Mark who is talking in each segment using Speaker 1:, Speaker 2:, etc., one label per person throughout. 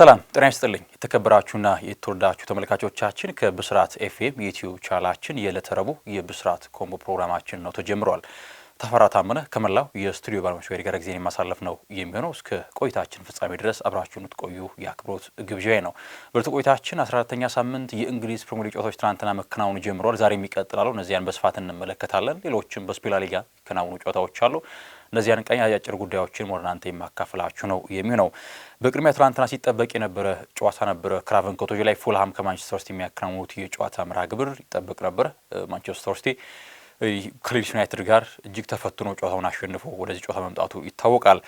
Speaker 1: ሰላም ጤና ይስጥልኝ። የተከበራችሁና የተወደዳችሁ ተመልካቾቻችን ከብስራት ኤፍኤም የዩትዩብ ቻላችን የዕለተ ረቡዕ የብስራት ኮምቦ ፕሮግራማችን ነው ተጀምሯል። ተፈራ ታመነ ከመላው የስቱዲዮ ባለሙያዎች ጋር ጊዜን የማሳለፍ ነው የሚሆነው። እስከ ቆይታችን ፍጻሜ ድረስ አብራችሁን ትቆዩ የአክብሮት ግብዣዬ ነው። በእለቱ ቆይታችን 14 ኛ ሳምንት የእንግሊዝ ፕሪሚየር ሊግ ጨዋታዎች ትናንትና መከናወን ጀምሯል። ዛሬም ይቀጥላሉ። እነዚያን በስፋት እንመለከታለን። ሌሎችም በስፔላ ሊጋ ከናውኑ ጨዋታዎች አሉ። እነዚያን ቀኝ አጫጭር ጉዳዮችን ወደ እናንተ የማካፍላችሁ ነው የሚሆነው። በቅድሚያ ትላንትና ሲጠበቅ የነበረ ጨዋታ ነበረ። ክራቨን ኮቴጅ ላይ ፉልሃም ከማንቸስተር ሲቲ የሚያከናውኑት የጨዋታ መርሃ ግብር ይጠበቅ ነበር። ማንቸስተር ሲቲ ከሌድስ ዩናይትድ ጋር እጅግ ተፈትኖ ጨዋታውን አሸንፎ ወደዚህ ጨዋታ መምጣቱ ይታወቃል።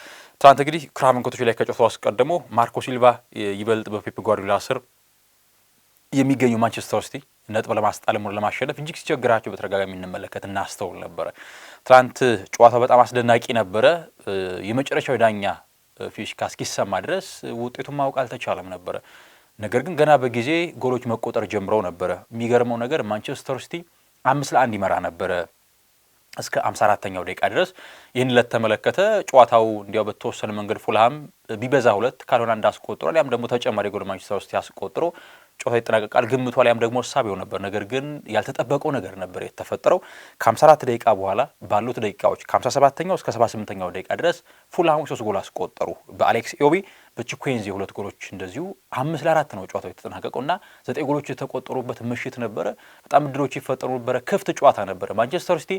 Speaker 1: ትናንት እንግዲህ ክራቨን ኮቴጅ ላይ ከጨዋታው አስቀድሞ ማርኮ ሲልቫ ይበልጥ በፔፕ ጓርዲዮላ ስር የሚገኙ ማንቸስተር ሲቲ ነጥብ ለማስጣል ሙር ለማሸነፍ እጅግ ሲቸግራቸው በተደጋጋሚ እንመለከት እናስተውል ነበረ። ትናንት ጨዋታው በጣም አስደናቂ ነበረ። የመጨረሻው ዳኛ ፊሽካ እስኪሰማ ድረስ ውጤቱን ማወቅ አልተቻለም ነበረ። ነገር ግን ገና በጊዜ ጎሎች መቆጠር ጀምረው ነበረ። የሚገርመው ነገር ማንቸስተር ሲቲ አምስት ለአንድ ይመራ ነበረ እስከ 54ኛው ደቂቃ ድረስ። ይህን ለተመለከተ ጨዋታው እንዲያው በተወሰነ መንገድ ፉልሃም ቢበዛ ሁለት ካልሆነ አንድ አስቆጥሯል። ያም ደግሞ ተጨማሪ ጎል ማንቸስተር ሲቲ አስቆጥሮ ጨዋታ ይጠናቀቃል ግምቷ ላይም ደግሞ እሳቤው ነበር። ነገር ግን ያልተጠበቀው ነገር ነበር የተፈጠረው። ከ54 ደቂቃ በኋላ ባሉት ደቂቃዎች ከ57ኛው እስከ 78ኛው ደቂቃ ድረስ ፉልሃሞች ሶስት ጎል አስቆጠሩ። በአሌክስ ኢዮቢ በቺኩዌንዚ ሁለት ጎሎች እንደዚሁ አምስት ለአራት ነው ጨዋታው የተጠናቀቀው እና ዘጠኝ ጎሎች የተቆጠሩበት ምሽት ነበረ። በጣም እድሎች ይፈጠሩ ነበረ። ክፍት ጨዋታ ነበረ። ማንቸስተር ሲቲ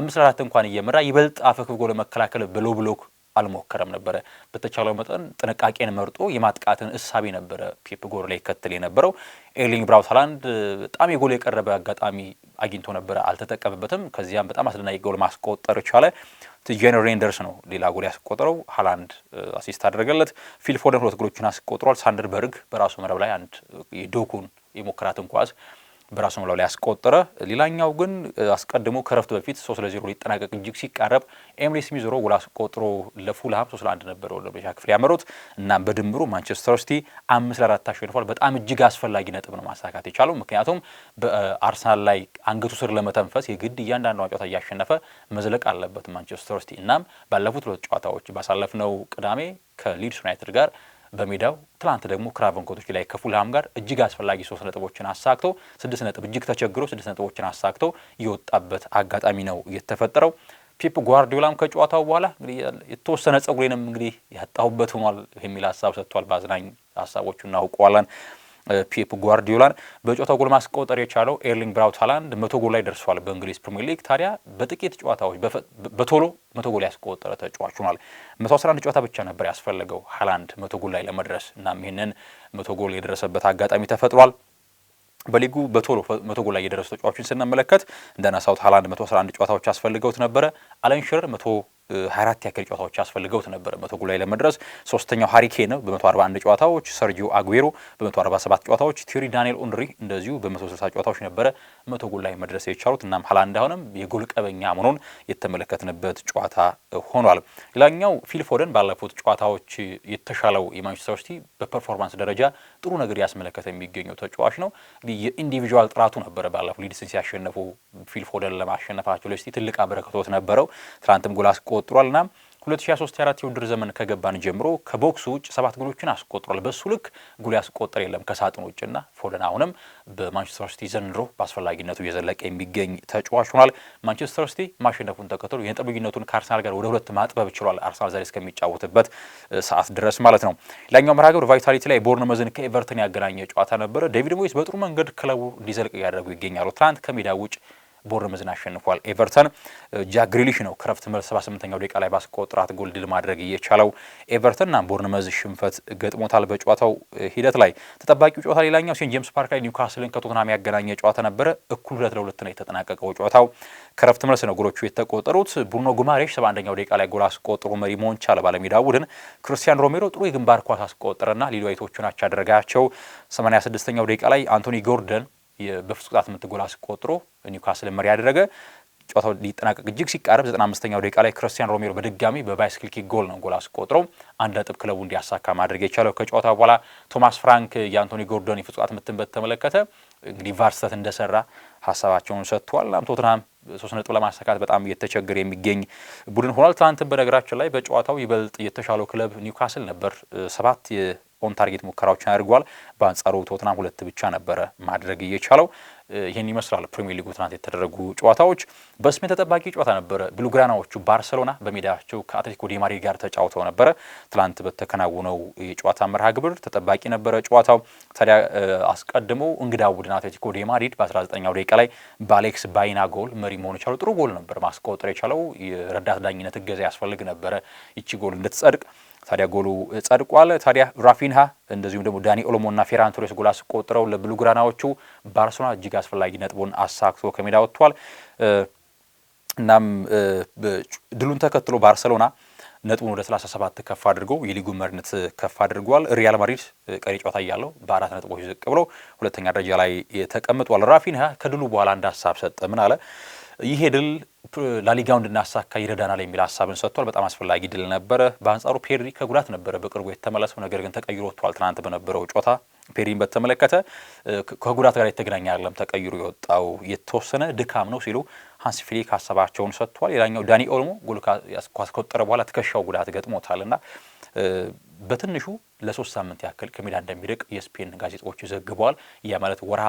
Speaker 1: አምስት ለአራት እንኳን እየመራ ይበልጥ አፈክፍጎ ለመከላከል ብሎ ብሎክ አልሞከረም ነበረ። በተቻለው መጠን ጥንቃቄን መርጦ የማጥቃትን እሳቤ ነበረ ፔፕ ጎር ላይ ይከተል የነበረው። ኤርሊንግ ብራውት ሃላንድ በጣም የጎል የቀረበ አጋጣሚ አግኝቶ ነበረ፣ አልተጠቀምበትም። ከዚያም በጣም አስደናቂ ጎል ማስቆጠር ቻለ። ቲጄን ሬንደርስ ነው ሌላ ጎል ያስቆጠረው፣ ሃላንድ አሲስት አደረገለት። ፊል ፎደን ሁለት ጎሎችን አስቆጥሯል። ሳንደር በርግ በራሱ መረብ ላይ አንድ የዶኩን የሞከራትን ኳስ በራሱ ምላው ላይ ያስቆጠረ። ሌላኛው ግን አስቀድሞ ከረፍት በፊት ሶስት ለዜሮ ሊጠናቀቅ እጅግ ሲቃረብ ኤምሬስ ሚዞሮ ጎል አስቆጥሮ ለፉልሃም ሶስት ለአንድ ነበረ ወደ ክፍል ያመሩት። እናም በድምሩ ማንቸስተር ሲቲ አምስት ለአራት አሸንፏል። በጣም እጅግ አስፈላጊ ነጥብ ነው ማሳካት የቻሉ ምክንያቱም በአርሰናል ላይ አንገቱ ስር ለመተንፈስ የግድ እያንዳንዱ ጨዋታ እያሸነፈ መዝለቅ አለበት ማንቸስተር ሲቲ። እናም ባለፉት ሁለት ጨዋታዎች ባሳለፍነው ቅዳሜ ከሊድስ ዩናይትድ ጋር በሜዳው ትላንት ደግሞ ክራቨንኮቶች ላይ ከፉልሃም ጋር እጅግ አስፈላጊ ሶስት ነጥቦችን አሳክቶ ስድስት ነጥብ እጅግ ተቸግሮ ስድስት ነጥቦችን አሳክቶ የወጣበት አጋጣሚ ነው የተፈጠረው። ፔፕ ጓርዲዮላም ከጨዋታው በኋላ እንግዲህ የተወሰነ ጸጉሬንም እንግዲህ ያጣሁበት ሆኗል የሚል ሀሳብ ሰጥቷል። በአዝናኝ ሀሳቦቹ እናውቀዋለን። ፔፕ ጓርዲዮላን በጨዋታው ጎል ማስቆጠር የቻለው ኤርሊንግ ብራውት ሃላንድ መቶ ጎል ላይ ደርሷል። በእንግሊዝ ፕሪሚየር ሊግ ታዲያ በጥቂት ጨዋታዎች በቶሎ መቶ ጎል ያስቆጠረ ተጫዋች ሆኗል። መቶ አስራ አንድ ጨዋታ ብቻ ነበር ያስፈለገው ሃላንድ መቶ ጎል ላይ ለመድረስ እናም ይህንን መቶ ጎል የደረሰበት አጋጣሚ ተፈጥሯል። በሊጉ በቶሎ መቶ ጎል ላይ የደረሱ ተጫዋቾችን ስንመለከት እንደናሳውት ሃላንድ መቶ አስራ አንድ ጨዋታዎች ያስፈልገውት ነበረ። አለን ሽረር መቶ ሀራት ያክል ጨዋታዎች ያስፈልገውት ነበረ መቶ ጎል ላይ ለመድረስ። ሶስተኛው ሃሪኬን በ141 ጨዋታዎች፣ ሰርጂዮ አጉዌሮ በ147 ጨዋታዎች፣ ቲሪ ዳንኤል ኦንሪ እንደዚሁ በ160 ጨዋታዎች ነበረ መቶ ጎል መድረስ የቻሉት። እናም ሃላንድ አሁንም የጎል ቀበኛ መሆኑን የተመለከትንበት ጨዋታ ሆኗል። ሌላኛው ፊል ባለፉት ጨዋታዎች የተሻለው የማንቸስተር ሲቲ በፐርፎርማንስ ደረጃ ጥሩ ነገር ያስመለከተ የሚገኘው ተጫዋች ነው። የኢንዲቪዥዋል ጥራቱ ነበረ ባለፉ ሊድስን ሲያሸነፉ ፊል ለማሸነፋቸው ለሲቲ ትልቅ አበረከቶት ነበረው። ትናንትም ጎል አስቆ አስቆጥሯል ና 2023 የውድድር ዘመን ከገባን ጀምሮ ከቦክሱ ውጭ ሰባት ጎሎችን አስቆጥሯል። በሱ ልክ ጎል ያስቆጠር የለም ከሳጥን ውጭና ፎደን አሁንም በማንቸስተር ሲቲ ዘንድሮ በአስፈላጊነቱ እየዘለቀ የሚገኝ ተጫዋች ሆኗል። ማንቸስተር ሲቲ ማሸነፉን ተከትሎ የነጥብ ልዩነቱን ከአርሰናል ጋር ወደ ሁለት ማጥበብ ችሏል። አርሰናል ዛሬ እስከሚጫወትበት ሰዓት ድረስ ማለት ነው። ሌላኛው መርሃ ግብር ቫይታሊቲ ላይ ቦርነመዝን ከኤቨርተን ያገናኘ ጨዋታ ነበረ። ዴቪድ ሞይስ በጥሩ መንገድ ክለቡ እንዲዘልቅ እያደረጉ ይገኛሉ። ትናንት ከሜዳ ውጭ ቦርንመዝን አሸንፏል። ኤቨርተን ጃክ ግሪሊሽ ነው ክረፍት መልስ 78ኛው ደቂቃ ላይ ባስቆጥራት ጎል ድል ማድረግ እየቻለው ኤቨርተንና ቦርንመዝ ሽንፈት ገጥሞታል። በጨዋታው ሂደት ላይ ተጠባቂው ጨዋታ ሌላኛው ሲሆን ጄምስ ፓርክ ላይ ኒውካስልን ከቶትናም ያገናኘ ጨዋታ ነበረ። እኩል ሁለት ለሁለት ነው የተጠናቀቀው ጨዋታው። ክረፍት መልስ ነው ጎሎቹ የተቆጠሩት። ቡርኖ ጉማሬሽ 71ኛው ደቂቃ ላይ ጎል አስቆጥሮ መሪ መሆን ቻለ ባለሜዳ ቡድን። ክርስቲያን ሮሜሮ ጥሩ የግንባር ኳስ አስቆጠረና ሊድዋይቶቹን አቻ አደረጋቸው። 86ኛው ደቂቃ ላይ አንቶኒ ጎርደን በፍጹም ቅጣት ምት ጎል አስቆጥሮ ኒውካስል መሪ ያደረገ። ጨዋታው ሊጠናቀቅ እጅግ ሲቃረብ 95ኛው ደቂቃ ላይ ክርስቲያን ሮሜሮ በድጋሚ በባይስክል ኪክ ጎል ነው ጎል አስቆጥሮ አንድ ነጥብ ክለቡ እንዲያሳካ ማድረግ የቻለው። ከጨዋታ በኋላ ቶማስ ፍራንክ የአንቶኒ ጎርዶን የፍጹም ቅጣት ምትን በተመለከተ እንግዲህ ቫር ስህተት እንደሰራ ሀሳባቸውን ሰጥቷል። ናም ቶትናም ሶስት ነጥብ ለማሳካት በጣም እየተቸገረ የሚገኝ ቡድን ሆኗል። ትናንትን በነገራችን ላይ በጨዋታው ይበልጥ የተሻለው ክለብ ኒውካስል ነበር። ሰባት ኦን ታርጌት ሙከራዎችን አድርጓል። በአንጻሩ ቶትናም ሁለት ብቻ ነበረ ማድረግ እየቻለው። ይህን ይመስላል ፕሪሚየር ሊጉ ትናንት የተደረጉ ጨዋታዎች። በስሜን ተጠባቂ ጨዋታ ነበረ። ብሉግራናዎቹ ባርሰሎና በሜዳቸው ከአትሌቲኮ ዲ ማድሪድ ጋር ተጫውተው ነበረ። ትናንት በተከናወነው የጨዋታ መርሃ ግብር ተጠባቂ ነበረ ጨዋታው። ታዲያ አስቀድሞ እንግዳ ቡድን አትሌቲኮ ዲ ማድሪድ በ19ኛው ደቂቃ ላይ በአሌክስ ባይና ጎል መሪ መሆን የቻለው ጥሩ ጎል ነበር ማስቆጠር የቻለው። የረዳት ዳኝነት እገዛ ያስፈልግ ነበረ ይቺ ጎል እንድትጸድቅ ታዲያ ጎሉ ጸድቋል። ታዲያ ራፊንሃ እንደዚሁም ደግሞ ዳኒ ኦሎሞ ኦሎሞና ፌራን ቶሬስ ጎል አስቆጥረው ለብሉግራናዎቹ ባርሴሎና እጅግ አስፈላጊ ነጥቡን አሳክቶ ከሜዳ ወጥቷል። እናም ድሉን ተከትሎ ባርሰሎና ነጥቡን ወደ 37 ከፍ አድርጎ የሊጉ መሪነት ከፍ አድርጓል። ሪያል ማድሪድ ቀሪ ጨዋታ እያለው በአራት ነጥቦች ዝቅ ብሎ ሁለተኛ ደረጃ ላይ ተቀምጧል። ራፊንሃ ከድሉ በኋላ አንድ ሀሳብ ሰጠ። ምን አለ? ይሄ ድል ላሊጋው እንድናሳካ ይረዳናል የሚል ሀሳብን ሰጥቷል። በጣም አስፈላጊ ድል ነበረ። በአንጻሩ ፔድሪ ከጉዳት ነበረ በቅርቡ የተመለሰው፣ ነገር ግን ተቀይሮ ወጥቷል። ትናንት በነበረው ጮታ ፔድሪን በተመለከተ ከጉዳት ጋር የተገናኘ አይደለም ተቀይሮ የወጣው የተወሰነ ድካም ነው ሲሉ ሃንሲ ፍሊክ ሀሳባቸውን ሰጥቷል። ሌላኛው ዳኒ ኦልሞ ጎል ካስቆጠረ በኋላ ትከሻው ጉዳት ገጥሞታል እና በትንሹ ለሶስት ሳምንት ያክል ከሜዳ እንደሚርቅ የስፔን ጋዜጦች ዘግበዋል። ያ ማለት ወርሃ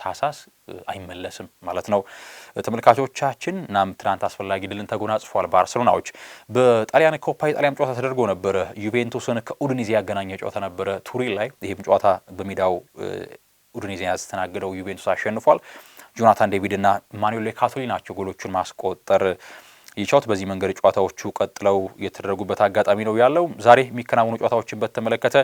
Speaker 1: ታህሳስ አይመለስም ማለት ነው። ተመልካቾቻችን ናም ትናንት አስፈላጊ ድልን ተጎናጽፏል ባርሰሎናዎች። በጣሊያን ኮፓ የጣሊያን ጨዋታ ተደርጎ ነበረ። ዩቬንቱስን ከኡድኒዝ ያገናኘ ጨዋታ ነበረ ቱሪን ላይ። ይህም ጨዋታ በሜዳው ኡድኒዝ ያስተናገደው ዩቬንቱስ አሸንፏል። ጆናታን ዴቪድ እና ማኑኤል ካቶሊ ናቸው ጎሎቹን ማስቆጠር የቻውት በዚህ መንገድ ጨዋታዎቹ ቀጥለው የተደረጉበት አጋጣሚ ነው ያለው። ዛሬ የሚከናወኑ ጨዋታዎችን በተመለከተ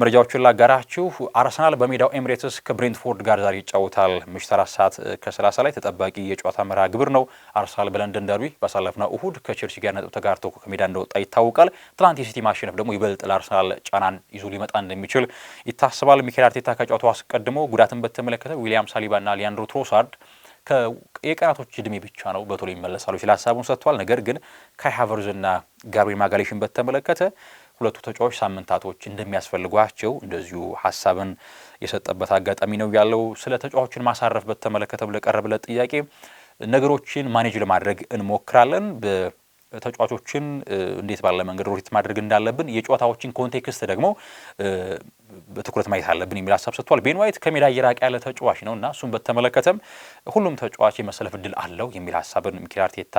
Speaker 1: መረጃዎችን ላጋራችሁ። አርሰናል በሜዳው ኤምሬትስ ከብሬንትፎርድ ጋር ዛሬ ይጫወታል። ምሽት አራት ሰዓት ከሰላሳ ላይ ተጠባቂ የጨዋታ መርሃ ግብር ነው። አርሰናል በለንደን ደርቢ ባሳለፍነው እሁድ ከቼልሲ ጋር ነጥብ ተጋርቶ ከሜዳ እንደወጣ ይታወቃል። ትናንት የሲቲ ማሸነፍ ደግሞ ይበልጥ ለአርሰናል ጫናን ይዞ ሊመጣ እንደሚችል ይታስባል። ሚኬል አርቴታ ከጨዋታው አስቀድሞ ጉዳትን በተመለከተ ዊሊያም ሳሊባና ሊያንድሮ ትሮሳርድ የቀናቶች እድሜ ብቻ ነው በቶሎ ይመለሳሉ ሲል ሀሳቡን ሰጥቷል። ነገር ግን ካይ ሃቨርዝና ጋርቢ ማጋሌሽን በተመለከተ ሁለቱ ተጫዋች ሳምንታቶች እንደሚያስፈልጓቸው እንደዚሁ ሀሳብን የሰጠበት አጋጣሚ ነው ያለው። ስለ ተጫዋችን ማሳረፍ በተመለከተ ለቀረበለት ጥያቄ ነገሮችን ማኔጅ ለማድረግ እንሞክራለን ተጫዋቾችን እንዴት ባለ መንገድ ሮቴት ማድረግ እንዳለብን የጨዋታዎችን ኮንቴክስት ደግሞ በትኩረት ማየት አለብን የሚል ሀሳብ ሰጥቷል። ቤን ዋይት ከሜዳ እየራቀ ያለ ተጫዋች ነው እና እሱን በተመለከተም ሁሉም ተጫዋች የመሰለፍ እድል አለው የሚል ሀሳብን ሚኬል አርቴታ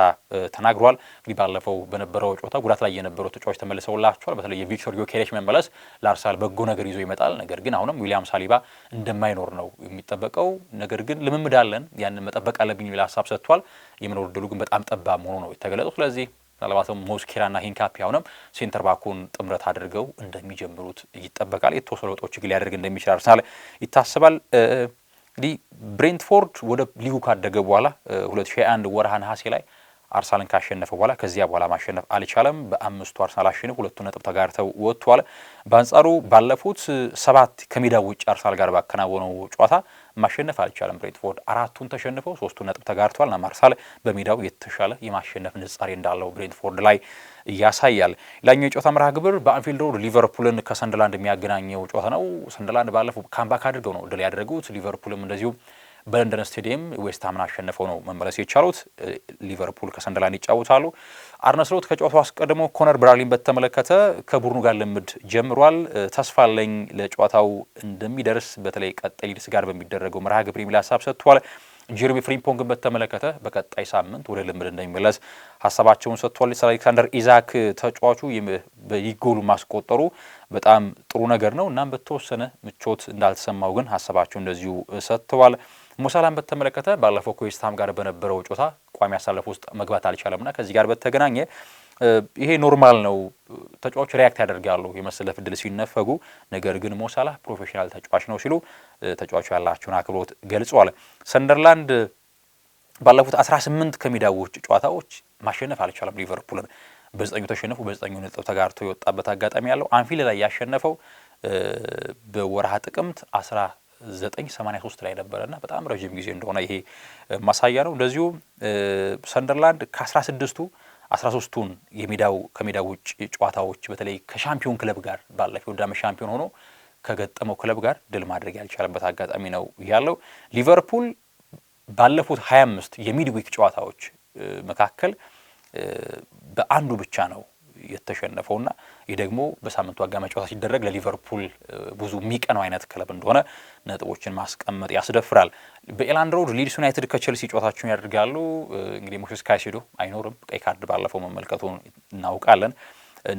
Speaker 1: ተናግሯል። እንግዲህ ባለፈው በነበረው ጨዋታ ጉዳት ላይ የነበረው ተጫዋች ተመልሰውላቸዋል። በተለይ የቪክቶር ዮኬሬሽ መመለስ ለአርሰናል በጎ ነገር ይዞ ይመጣል። ነገር ግን አሁንም ዊሊያም ሳሊባ እንደማይኖር ነው የሚጠበቀው። ነገር ግን ልምምድ አለን ያንን መጠበቅ አለብኝ የሚል ሀሳብ ሰጥቷል። የመኖር እድሉ ግን በጣም ጠባብ መሆኑ ነው የተገለጠው። ስለዚህ ምናልባትም ሞስኬራና ሂንካፒ አሁንም ሴንተር ባኩን ጥምረት አድርገው እንደሚጀምሩት ይጠበቃል። የተወሰኑ ለውጦችን ሊያደርግ እንደሚችል አርሰናል ይታሰባል። እንግዲህ ብሬንትፎርድ ወደ ሊጉ ካደገ በኋላ 2021 ወርሃ ነሐሴ ላይ አርሰናልን ካሸነፈ በኋላ ከዚያ በኋላ ማሸነፍ አልቻለም። በአምስቱ አርሰናል አሸንፍ ሁለቱ ነጥብ ተጋርተው ወጥቷል። በአንጻሩ ባለፉት ሰባት ከሜዳ ውጭ አርሰናል ጋር ባከናወነው ጨዋታ ማሸነፍ አልቻለም። ብሬንትፎርድ አራቱን ተሸንፎ ሶስቱን ነጥብ ና ማርሳል በሜዳው የተሻለ የማሸነፍ ንጻሬ እንዳለው ብሬንትፎርድ ላይ ያሳያል። ሌላኛው የጨዋታ መርሃ ግብር በአንፊልድ ሮድ ሊቨርፑልን ከሰንደርላንድ የሚያገናኘው ጨዋታ ነው። ሰንደርላንድ ባለፈው ካምባክ አድርገው ነው ድል ያደረጉት። ሊቨርፑልም እንደዚሁ በለንደን ስቴዲየም ዌስትሃምን አሸንፈው ነው መመለስ የቻሉት። ሊቨርፑል ከሰንደርላንድ ይጫወታሉ። አርነስሎት ከጨዋታው አስቀድሞ ኮነር ብራድሊን በተመለከተ ከቡድኑ ጋር ልምድ ጀምሯል፣ ተስፋ አለኝ ለጨዋታው እንደሚደርስ በተለይ ቀጣይ ሊድስ ጋር በሚደረገው መርሃ ግብር የሚል ሀሳብ ሰጥቷል። ጀርሚ ፍሪምፖንግን በተመለከተ በቀጣይ ሳምንት ወደ ልምድ እንደሚመለስ ሀሳባቸውን ሰጥቷል። ሰር አሌክሳንደር ኢዛክ ተጫዋቹ በይጎሉ ማስቆጠሩ በጣም ጥሩ ነገር ነው። እናም በተወሰነ ምቾት እንዳልተሰማው ግን ሀሳባቸው እንደዚሁ ሰጥተዋል። ሞሳላን በተመለከተ ባለፈው ከዌስትሃም ጋር በነበረው ጮታ ቋሚ አሳለፍ ውስጥ መግባት ና ከዚህ ጋር በተገናኘ ይሄ ኖርማል ነው። ተጫዋች ሪያክት ያደርጋሉ የመሰለፍ እድል ሲነፈጉ። ነገር ግን ሞሳላ ፕሮፌሽናል ተጫዋች ነው ሲሉ ተጫዋቹ ያላቸውን አክብሮት ገልጸዋል። ሰንደርላንድ ባለፉት 18 ከሜዳ ጨዋታዎች ማሸነፍ አልቻለም ሊቨርፑልን በዘጠኙ ተሸነፉ። በዘጠኙ ነጥብ ተጋርቶ የወጣበት አጋጣሚ ያለው አንፊል ላይ ያሸነፈው በወርሃ ጥቅምት 1983 ላይ ነበረና በጣም ረዥም ጊዜ እንደሆነ ይሄ ማሳያ ነው። እንደዚሁም ሰንደርላንድ ከ16ቱ 13ቱን የሜዳው ከሜዳው ውጭ ጨዋታዎች በተለይ ከሻምፒዮን ክለብ ጋር ባለፈው ዓመት ሻምፒዮን ሆኖ ከገጠመው ክለብ ጋር ድል ማድረግ ያልቻለበት አጋጣሚ ነው ያለው። ሊቨርፑል ባለፉት 25 የሚድዊክ ጨዋታዎች መካከል በአንዱ ብቻ ነው የተሸነፈው ና ይህ ደግሞ በሳምንቱ አጋማሽ ጨዋታ ሲደረግ ለሊቨርፑል ብዙ የሚቀነው አይነት ክለብ እንደሆነ ነጥቦችን ማስቀመጥ ያስደፍራል። በኤላንድ ሮድ ሊድስ ዩናይትድ ከቸልሲ ጨዋታቸውን ያደርጋሉ። እንግዲህ ሞሴስ ካይሴዶ አይኖርም፣ ቀይ ካርድ ባለፈው መመልከቱን እናውቃለን።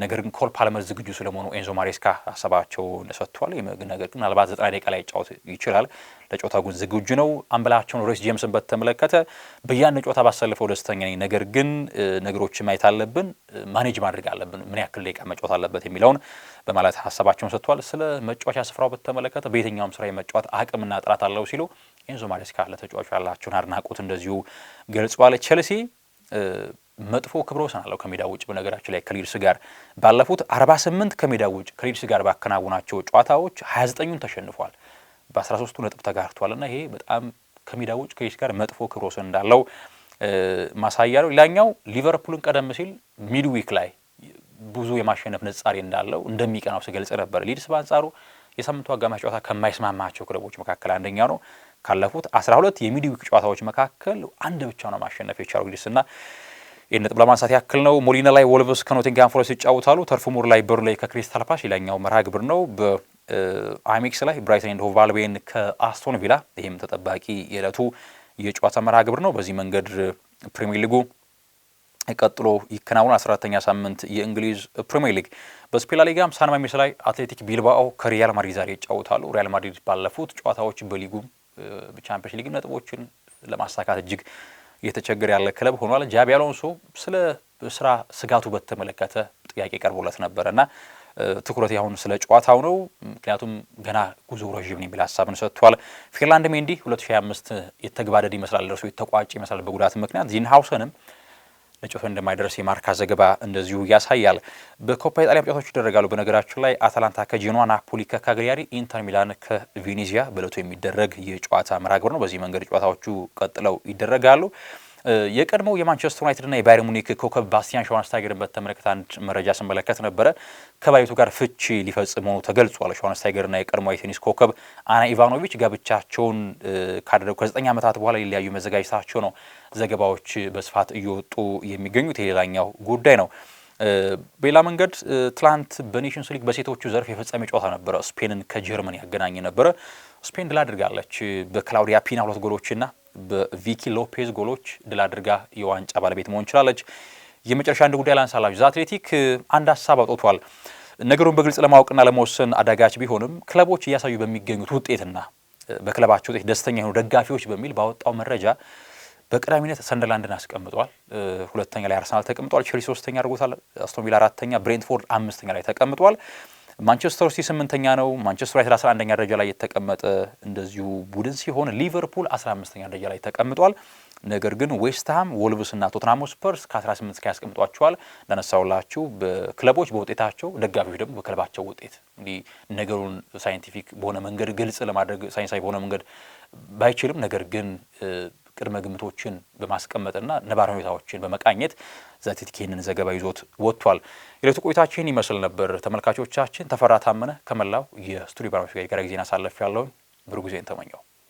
Speaker 1: ነገር ግን ኮል ፓልመር ዝግጁ ስለመሆኑ ኤንዞ ማሬስካ ሀሳባቸውን ሰጥቷል። ነገር ግን ምናልባት ዘጠና ደቂቃ ላይ ጫወት ይችላል። ለጨዋታ ግን ዝግጁ ነው። አምበላቸውን ሬስ ጄምስን በተመለከተ በያን ጨዋታ ባሳልፈው ደስተኛ ነኝ። ነገር ግን ነገሮችን ማየት አለብን፣ ማኔጅ ማድረግ አለብን፣ ምን ያክል ደቂቃ መጫወት አለበት የሚለውን በማለት ሀሳባቸውን ሰጥቷል። ስለ መጫወቻ ስፍራው በተመለከተ በየትኛውም ስራ የመጫወት አቅምና ጥራት አለው ሲሉ ኤንዞ ማሬስካ ለተጫዋቹ ያላቸውን አድናቆት እንደዚሁ ገልጸዋል። ቼልሲ መጥፎ ክብረ ወሰን አለው ከሜዳ ውጭ። በነገራችን ላይ ከሊድስ ጋር ባለፉት 48 ከሜዳ ውጭ ከሊድስ ጋር ባከናወናቸው ጨዋታዎች 29ኙን ተሸንፏል፣ በ13ቱ ነጥብ ተጋርቷል እና ይሄ በጣም ከሜዳ ውጭ ከሊድስ ጋር መጥፎ ክብረ ወሰን እንዳለው ማሳያ ነው። ሌላኛው ሊቨርፑልን ቀደም ሲል ሚድዊክ ላይ ብዙ የማሸነፍ ንጻሬ እንዳለው እንደሚቀናው ስገልጽ ነበር። ሊድስ በአንጻሩ የሳምንቱ አጋማሽ ጨዋታ ከማይስማማቸው ክለቦች መካከል አንደኛው ነው። ካለፉት 12 የሚድዊክ ጨዋታዎች መካከል አንድ ብቻ ነው ማሸነፍ የቻለው ሊድስ እና ይህን ነጥብ ለማንሳት ያክል ነው። ሞሊና ላይ ወልቭስ ከኖቲንግሃም ፎረስት ይጫወታሉ። ተርፉ ሙር ላይ በርንሌይ ከክሪስታል ፓላስ ሌላኛው መርሃ ግብር ነው። በአሜክስ ላይ ብራይተን ኤንድ ሆቭ አልቢዮን ከአስቶን ቪላ ይህም ተጠባቂ የዕለቱ የጨዋታ መርሃ ግብር ነው። በዚህ መንገድ ፕሪሚየር ሊጉ ቀጥሎ ይከናወናል። አስራ አራተኛ ሳምንት የእንግሊዝ ፕሪሚየር ሊግ በስፔን ሊጋም ሳን ማሜስ ላይ አትሌቲክ ቢልባኦ ከሪያል ማድሪድ ዛሬ ይጫወታሉ። ሪያል ማድሪድ ባለፉት ጨዋታዎች በሊጉም በቻምፒየንስ ሊግም ነጥቦችን ለማሳካት እጅግ እየተቸገረ ያለ ክለብ ሆኗል። ጃቢ አሎንሶ ስለ ስራ ስጋቱ በተመለከተ ጥያቄ ቀርቦለት ነበረ እና ትኩረት ያሁን ስለ ጨዋታው ነው፣ ምክንያቱም ገና ጉዞ ረዥም ነው የሚል ሀሳብን ሰጥቷል። ፊንላንድ ሜንዲ 2025 የተግባደድ ይመስላል፣ ደርሶ የተቋጭ ይመስላል በጉዳት ምክንያት ዚንሃውሰንም ጭሆ እንደማይደርስ የማርካ ዘገባ እንደዚሁ ያሳያል። በኮፓ ኢጣሊያ ጨዋታዎች ይደረጋሉ። በነገራችን ላይ አታላንታ ከጄኖዋ፣ ናፖሊ ከካግሊያሪ፣ ኢንተር ሚላን ከቬኔዚያ በእለቱ የሚደረግ የጨዋታ መርሃ ግብር ነው። በዚህ መንገድ ጨዋታዎቹ ቀጥለው ይደረጋሉ። የቀድሞው የማንቸስተር እና የባየር ሙኒክ ኮከብ ባስቲያን ሸዋንስታይገርን በተመለከተ አንድ መረጃ ስመለከት ነበረ። ከባለቤቱ ጋር ፍቺ ሊፈጽም ሆኖ ተገልጿል። ሸዋንስታይገርና የቀድሞ የቴኒስ ኮከብ አና ኢቫኖቪች ጋብቻቸውን ካደረጉ ከዘጠኝ ዓመታት በኋላ ሊለያዩ መዘጋጀታቸው ነው ዘገባዎች በስፋት እየወጡ የሚገኙት። የሌላኛው ጉዳይ ነው። በሌላ መንገድ ትላንት በኔሽንስ ሊግ በሴቶቹ ዘርፍ የፍጻሜ ጨዋታ ነበረ። ስፔንን ከጀርመን ያገናኝ ነበረ። ስፔን ድል አድርጋለች። በክላውዲያ ፒና ሁለት ጎሎችና በቪኪ ሎፔዝ ጎሎች ድል አድርጋ የዋንጫ ባለቤት መሆን ችላለች። የመጨረሻ አንድ ጉዳይ ላንሳላችሁ። ዘ አትሌቲክ አንድ ሀሳብ አውጥቷል። ነገሩን በግልጽ ለማወቅና ለመወሰን አዳጋች ቢሆንም ክለቦች እያሳዩ በሚገኙት ውጤትና በክለባቸው ውጤት ደስተኛ የሆኑ ደጋፊዎች በሚል ባወጣው መረጃ በቀዳሚነት ሰንደርላንድን አስቀምጧል። ሁለተኛ ላይ አርሰናል ተቀምጧል። ቼልሲ ሶስተኛ አድርጎታል። አስቶንቪላ አራተኛ፣ ብሬንትፎርድ አምስተኛ ላይ ተቀምጧል። ማንቸስተር ሲቲ ስምንተኛ ነው። ማንቸስተር ዩናይትድ አስራ አንደኛ ደረጃ ላይ የተቀመጠ እንደዚሁ ቡድን ሲሆን ሊቨርፑል አስራ አምስተኛ ደረጃ ላይ ተቀምጧል። ነገር ግን ዌስትሃም፣ ወልቭስ እና ቶትናም ስፐርስ ከ18 እስከ ያስቀምጧቸዋል። እንዳነሳውላችሁ በክለቦች በውጤታቸው ደጋፊዎች ደግሞ በክለባቸው ውጤት እንዲህ ነገሩን ሳይንቲፊክ በሆነ መንገድ ግልጽ ለማድረግ ሳይንሳዊ በሆነ መንገድ ባይችልም ነገር ግን ቅድመ ግምቶችን በማስቀመጥና ነባር ሁኔታዎችን በመቃኘት ዘቲት ይህንን ዘገባ ይዞት ወጥቷል። የዕለቱ ቆይታችን ይመስል ነበር። ተመልካቾቻችን ተፈራ ታመነ ከመላው የስቱዲዮ ባለሙያዎች ጋር የጋራ ጊዜን አሳለፍ ያለውን ብሩ ጊዜን ተመኘው።